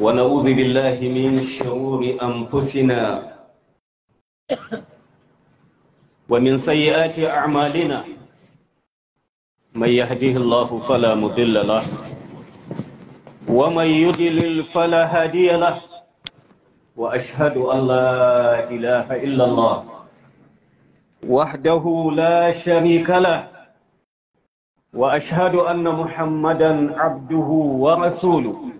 ونعوذ بالله من شرور أنفسنا ومن سيئات أعمالنا من يهديه الله فلا مضل له ومن يضلل فلا هادي له وأشهد أن لا إله إلا الله وحده لا شريك له وأشهد أن محمدا عبده ورسوله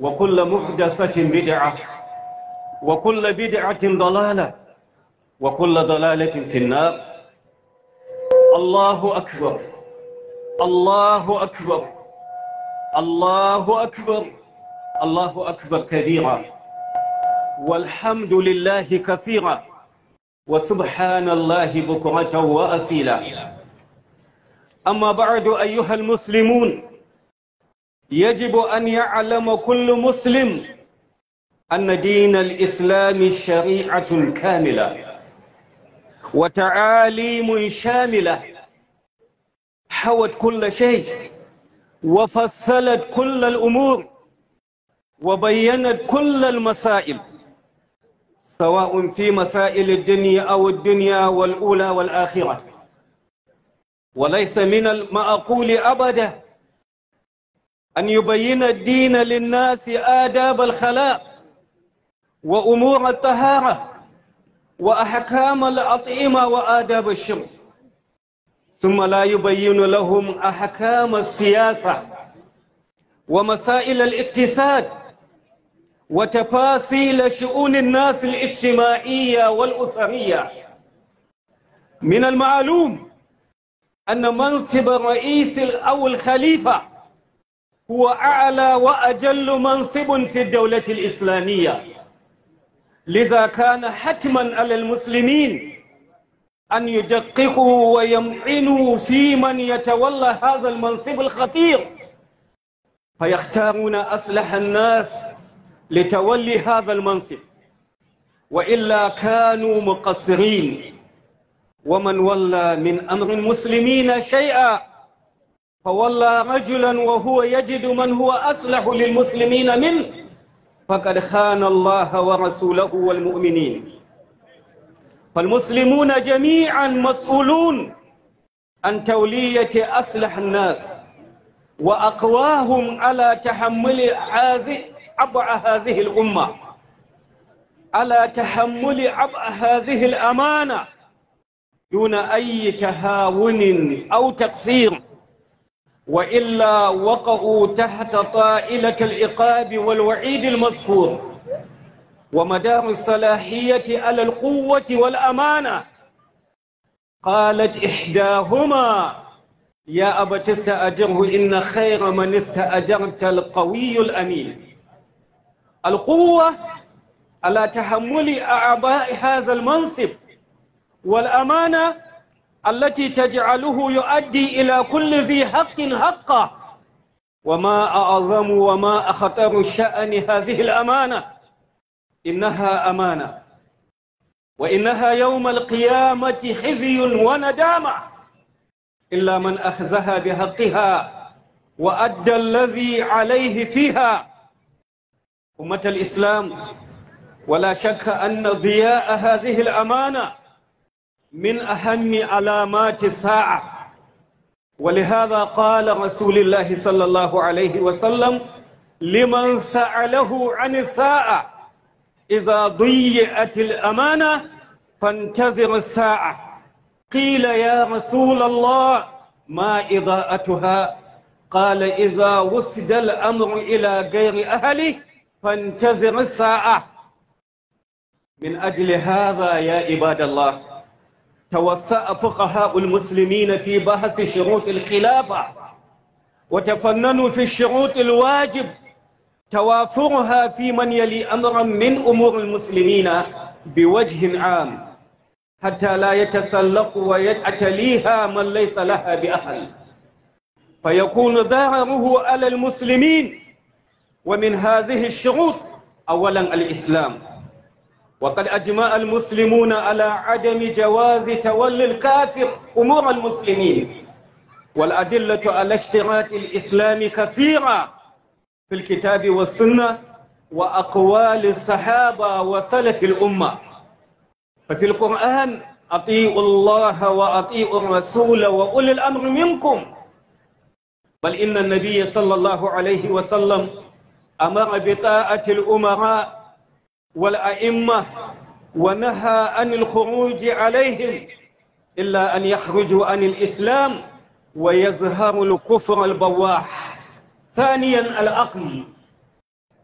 وكل محدثة بدعة وكل بدعة ضلالة وكل ضلالة في النار الله أكبر الله أكبر الله أكبر الله أكبر كبيرا والحمد لله كثيرا وسبحان الله بكرة وأصيلا أما بعد أيها المسلمون يجب أن يعلم كل مسلم أن دين الإسلام شريعة كاملة وتعاليم شاملة حوت كل شيء وفصلت كل الأمور وبينت كل المسائل سواء في مسائل الدنيا أو الدنيا والأولى والآخرة وليس من المعقول أبداً أن يبين الدين للناس آداب الخلاء وأمور الطهارة وأحكام الأطعمة وآداب الشرب ثم لا يبين لهم أحكام السياسة ومسائل الاقتصاد وتفاصيل شؤون الناس الاجتماعية والأسرية من المعلوم أن منصب الرئيس أو الخليفة هو أعلى وأجل منصب في الدولة الإسلامية لذا كان حتما على المسلمين أن يدققوا ويمعنوا في من يتولى هذا المنصب الخطير فيختارون أصلح الناس لتولي هذا المنصب وإلا كانوا مقصرين ومن ولى من أمر المسلمين شيئا فولى رجلا وهو يجد من هو أصلح للمسلمين منه فقد خان الله ورسوله والمؤمنين فالمسلمون جميعا مسؤولون عن تولية أصلح الناس وأقواهم على تحمل عبء هذه الأمة على تحمل عبء هذه الأمانة دون أي تهاون أو تقصير وإلا وقعوا تحت طائلة العقاب والوعيد المذكور ومدار الصلاحية على القوة والأمانة قالت إحداهما يا أبا تستأجره إن خير من استأجرت القوي الأمين القوة على تحمل أعضاء هذا المنصب والأمانة التي تجعله يؤدي إلى كل ذي حق حقه وما أعظم وما أخطر شأن هذه الأمانة إنها أمانة وإنها يوم القيامة خزي وندامة إلا من أخذها بحقها وأدى الذي عليه فيها أمة الإسلام ولا شك أن ضياء هذه الأمانة من أهم علامات الساعة ولهذا قال رسول الله صلى الله عليه وسلم لمن سأله عن الساعة إذا ضيعت الأمانة فانتظر الساعة قيل يا رسول الله ما إضاءتها قال إذا وسد الأمر إلى غير أهله فانتظر الساعة من أجل هذا يا عباد الله توسع فقهاء المسلمين في بحث شروط الخلافة وتفننوا في الشروط الواجب توافرها في من يلي أمرا من أمور المسلمين بوجه عام حتى لا يتسلق ويتليها من ليس لها بأهل فيكون ضرره على المسلمين ومن هذه الشروط أولا الإسلام وقد أجمع المسلمون على عدم جواز تولي الكافر أمور المسلمين والأدلة على اشتراك الإسلام كثيرة في الكتاب والسنة وأقوال الصحابة وسلف الأمة ففي القرآن أطيعوا الله وأطيعوا الرسول وأولي الأمر منكم بل إن النبي صلى الله عليه وسلم أمر بطاعة الأمراء والأئمة ونهى عن الخروج عليهم إلا أن يخرجوا عن الإسلام ويظهر الكفر البواح ثانيا العقل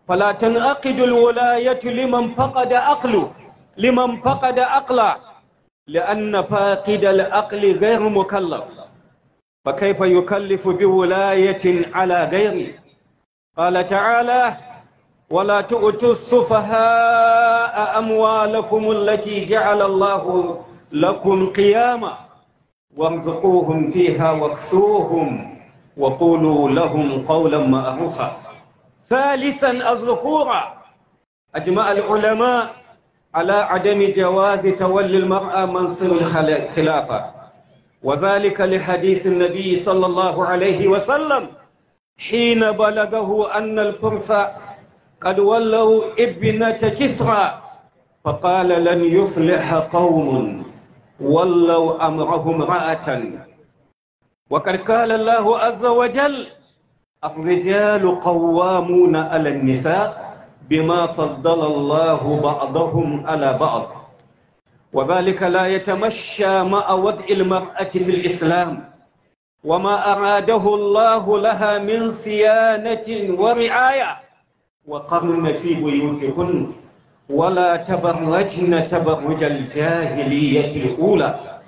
فلا تنعقد الولاية لمن فقد عقله لمن فقد عقله لأن فاقد العقل غير مكلف فكيف يكلف بولاية على غيره قال تعالى ولا تؤتوا السفهاء أموالكم التي جعل الله لكم قياما وارزقوهم فيها واكسوهم وقولوا لهم قولا مأروفا ثالثا الذكورا أجمع العلماء على عدم جواز تولي المرأة منصب الخلافة وذلك لحديث النبي صلى الله عليه وسلم حين بلغه أن الفرس قد ولوا ابنة كسرى فقال لن يفلح قوم ولوا أمرهم رأة وقد قال الله عز وجل الرجال قوامون على النساء بما فضل الله بعضهم على بعض وذلك لا يتمشى مع وضع المرأة في الإسلام وما أراده الله لها من صيانة ورعاية وقرن في بيوتهن ولا تبرجن تبرج الجاهلية الأولى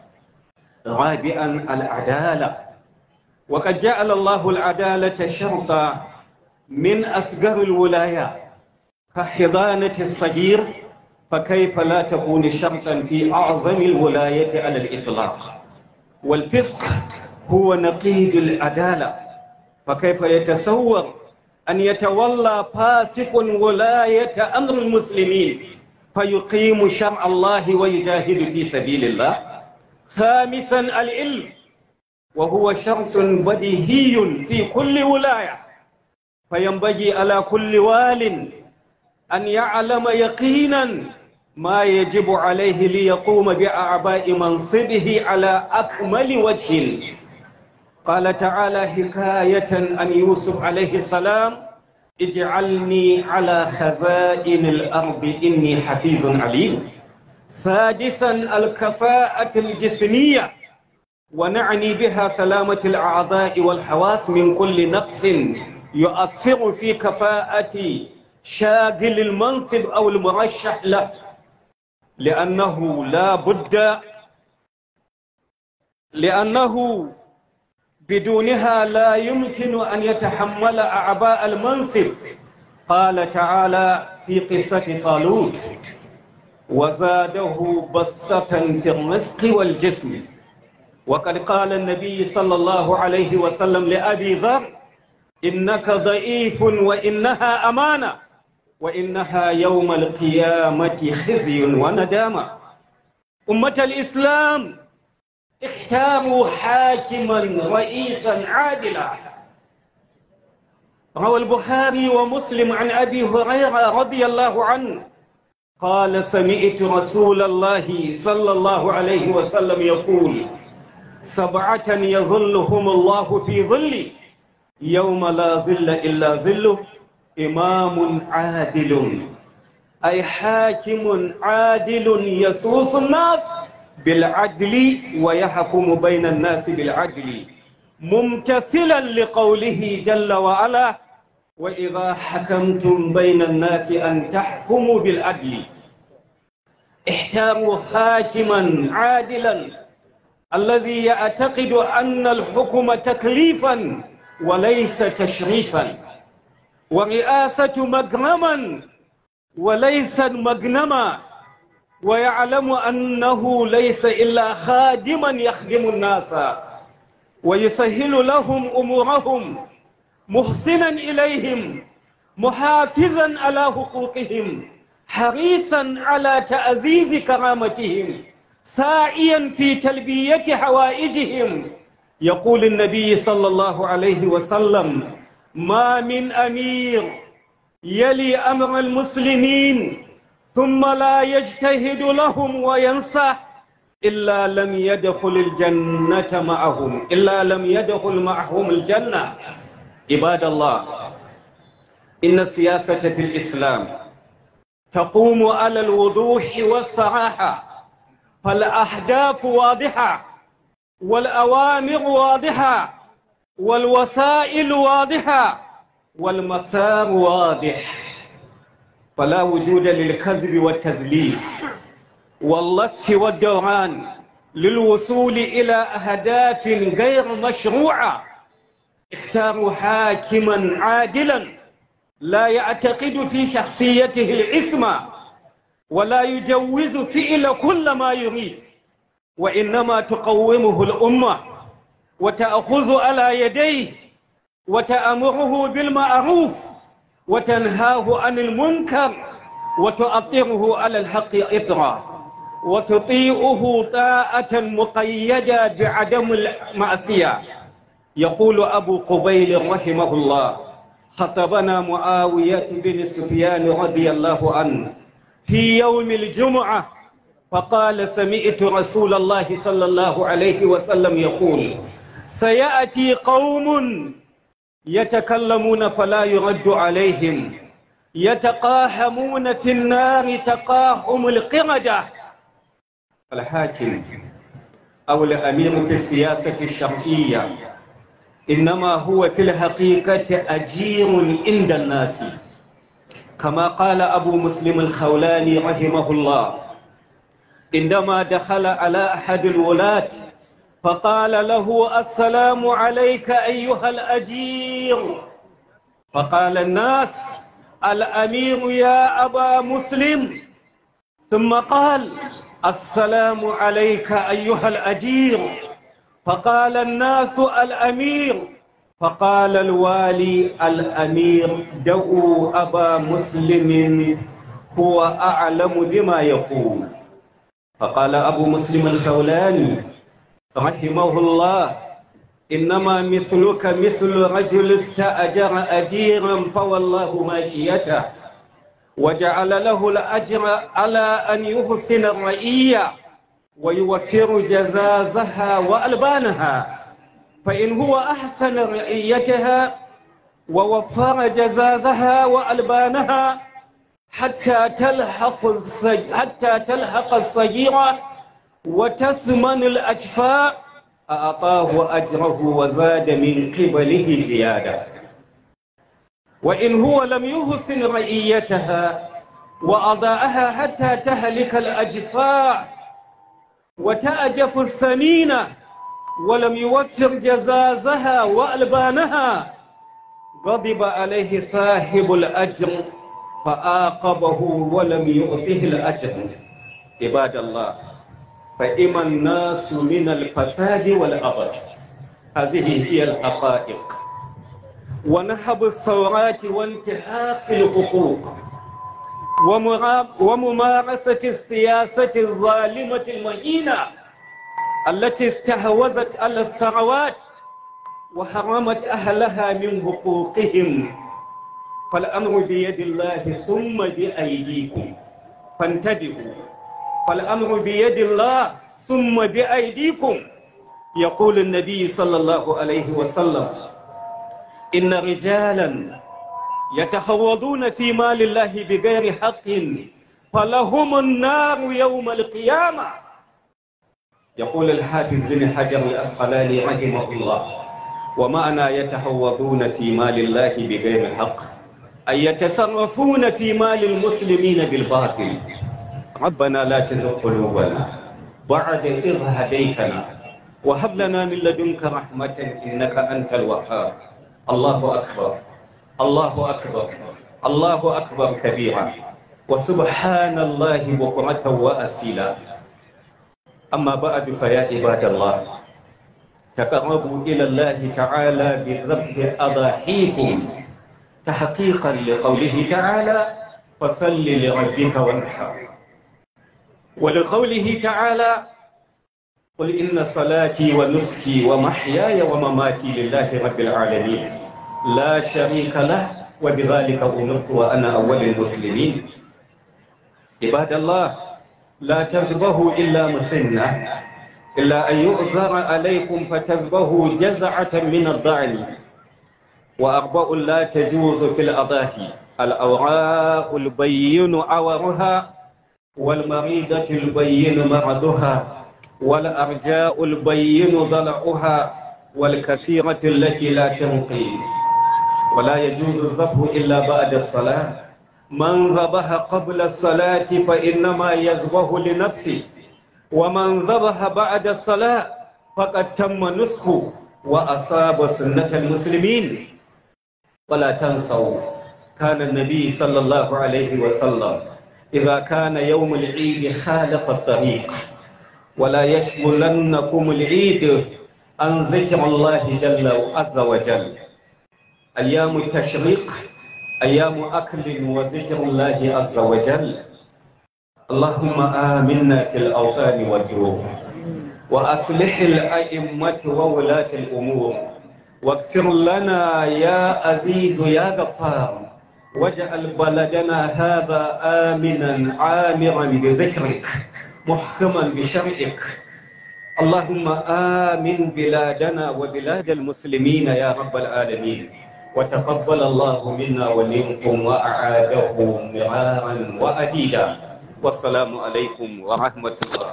رابعا العدالة وقد جعل الله العدالة شرطا من أصغر الولايات كحضانة الصغير فكيف لا تكون شرطا في أعظم الولاية على الإطلاق والفسق هو نقيض العدالة فكيف يتصور أن يتولى فاسق ولاية أمر المسلمين فيقيم شرع الله ويجاهد في سبيل الله خامسا العلم وهو شرط بديهي في كل ولاية فينبغي على كل وال أن يعلم يقينا ما يجب عليه ليقوم بأعباء منصبه على أكمل وجه قال تعالى حكاية عن يوسف عليه السلام اجعلني على خزائن الأرض إني حفيظ عليم سادسا الكفاءة الجسمية ونعني بها سلامة الأعضاء والحواس من كل نقص يؤثر في كفاءة شاغل المنصب أو المرشح له لأنه لا بد لأنه بدونها لا يمكن أن يتحمل أعباء المنصب قال تعالى في قصة طالوت وزاده بسطة في الرزق والجسم وقد قال النبي صلى الله عليه وسلم لأبي ذر إنك ضعيف وإنها أمانة وإنها يوم القيامة خزي وندامة أمة الإسلام اختاروا حاكما رئيسا عادلا روى البخاري ومسلم عن أبي هريرة رضي الله عنه قال سمعت رسول الله صلى الله عليه وسلم يقول سبعة يظلهم الله في ظلي يوم لا ظل إلا ظله إمام عادل أي حاكم عادل يسوس الناس بالعدل ويحكم بين الناس بالعدل ممتثلا لقوله جل وعلا وإذا حكمتم بين الناس أن تحكموا بالعدل احتاموا حاكما عادلا الذي يعتقد أن الحكم تكليفا وليس تشريفا ورئاسة مجرما وليس مجنما ويعلم أنه ليس إلا خادما يخدم الناس ويسهل لهم أمورهم محسنا إليهم محافظا على حقوقهم حريصا على تعزيز كرامتهم سائيا في تلبية حوائجهم يقول النبي صلى الله عليه وسلم ما من أمير يلي أمر المسلمين ثم لا يجتهد لهم وينصح إلا لم يدخل الجنة معهم إلا لم يدخل معهم الجنة عباد الله إن السياسة في الإسلام تقوم على الوضوح والصراحة فالأهداف واضحة والأوامر واضحة والوسائل واضحة والمسار واضح فلا وجود للكذب والتدليس واللف والدوران للوصول إلى أهداف غير مشروعة اختاروا حاكما عادلا لا يعتقد في شخصيته العصمة ولا يجوز فعل كل ما يريد وإنما تقومه الأمة وتأخذ على يديه وتأمره بالمعروف وتنهاه عن المنكر وتؤطره على الحق إطرا وتطيعه طاعة مقيدة بعدم المعصية يقول أبو قبيل رحمه الله خطبنا معاوية بن سفيان رضي الله عنه في يوم الجمعة فقال سمعت رسول الله صلى الله عليه وسلم يقول سيأتي قوم يتكلمون فلا يرد عليهم يتقاحمون في النار تقاحم القردة الحاكم أو الأمير في السياسة الشرعية إنما هو في الحقيقة أجير عند الناس كما قال أبو مسلم الخولاني رحمه الله عندما دخل على أحد الولاة فقال له السلام عليك أيها الأجير فقال الناس الأمير يا أبا مسلم ثم قال السلام عليك أيها الأجير فقال الناس الأمير فقال الوالي الأمير دعوا أبا مسلم هو أعلم بما يقول فقال أبو مسلم الخولاني رحمه الله إنما مثلك مثل رجل استأجر أجيرا فوالله ماشيته وجعل له الأجر على أن يحسن الرئية ويوفر جزازها وألبانها فإن هو أحسن رئيتها ووفر جزازها وألبانها حتى تلحق حتى تلحق الصغيرة وتثمن الأجفاء أعطاه أجره وزاد من قبله زيادة وإن هو لم يحسن رئيتها وأضاءها حتى تهلك الأجفاء وتأجف السمينة ولم يوفر جزازها وألبانها غضب عليه صاحب الأجر فآقبه ولم يؤته الأجر عباد الله فإما الناس من الفساد والأبس هذه هي الحقائق ونهب الثورات وانتهاك الحقوق وممارسة السياسة الظالمة المهينة التي استهوزت على الثروات وحرمت أهلها من حقوقهم فالأمر بيد الله ثم بأيديكم فانتبهوا فالأمر بيد الله ثم بأيديكم يقول النبي صلى الله عليه وسلم إن رجالا يتخوضون في مال الله بغير حق فلهم النار يوم القيامة يقول الحافظ بن حجر الأسقلاني رحمه الله ومعنى يتحوضون في مال الله بغير حق أي يتصرفون في مال المسلمين بالباطل ربنا لا تزغ قلوبنا بعد إذ هديتنا وهب لنا من لدنك رحمة إنك أنت الوهاب الله أكبر الله أكبر الله أكبر كبيرا وسبحان الله بكرة وأسيلا أما بعد فيا عباد الله تقربوا إلى الله تعالى بذبح أضاحيكم تحقيقا لقوله تعالى فصل لربك وانحر ولقوله تعالى قل إن صلاتي ونسكي ومحياي ومماتي لله رب العالمين لا شريك له وبذلك أمرت وأنا أول المسلمين عباد الله لا تزبهوا إلا مسنة إلا أن يؤذر عليكم فتزبهوا جزعة من الضعن وأربع لا تجوز في الأضافي الأوراق البين عورها والمريضة البين مرضها والأرجاء البين ضلعها والكثيرة التي لا تنقي ولا يجوز الذبح إلا بعد الصلاة من ذبح قبل الصلاة فإنما يذبح لنفسه ومن ذبح بعد الصلاة فقد تم نسخه وأصاب سنة المسلمين ولا تنسوا كان النبي صلى الله عليه وسلم إذا كان يوم العيد خالف الطريق ولا يشغلنكم العيد عن ذكر الله جل عز وجل أيام التشريق أيام أكل وذكر الله عز وجل اللهم آمنا في الأوطان والدروب وأصلح الأئمة وولاة الأمور واغفر لنا يا عزيز يا غفار واجعل بلدنا هذا آمنا عامرا بذكرك محكما بشرعك اللهم آمن بلادنا وبلاد المسلمين يا رب العالمين وتقبل الله منا ومنكم وأعاده مرارا وأديدا والسلام عليكم ورحمة الله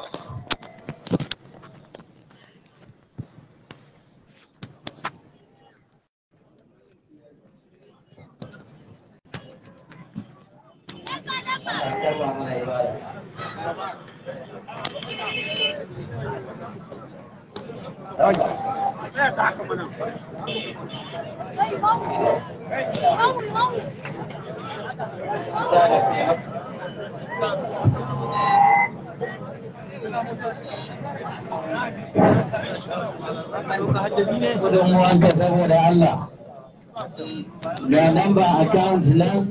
Kudin wanka saboda Allah. Ga namba account nan.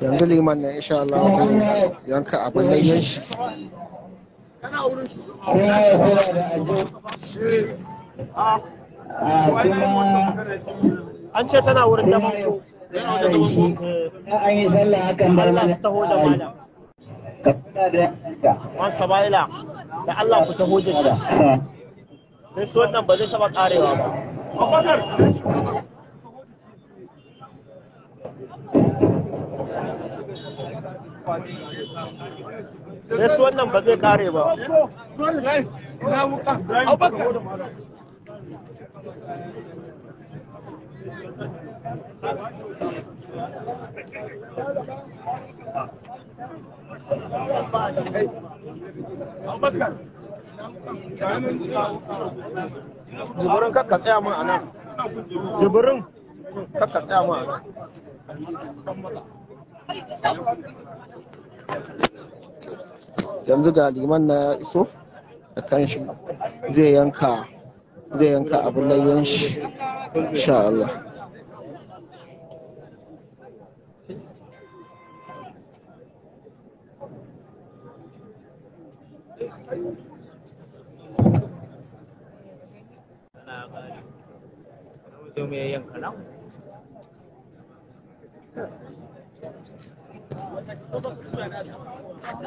Yanzu liman na insha Allah zai yanka abin da yin shi. Kowa ya kowa da ajo. An ce tana wurin da manko. An yi sallah akan bar mana. Allah su taho man sabaila da Allah ku taho da shi sai su wannan ba zai taba karewa ba sai su wannan ba zai kare ba Thank you. jibirin kakka tsaya mun a nan jibirin kakka tsaya mun a nan yanzu ga liman na iso da kanshi zai yanka zai yanka abin layyan shi insha Allah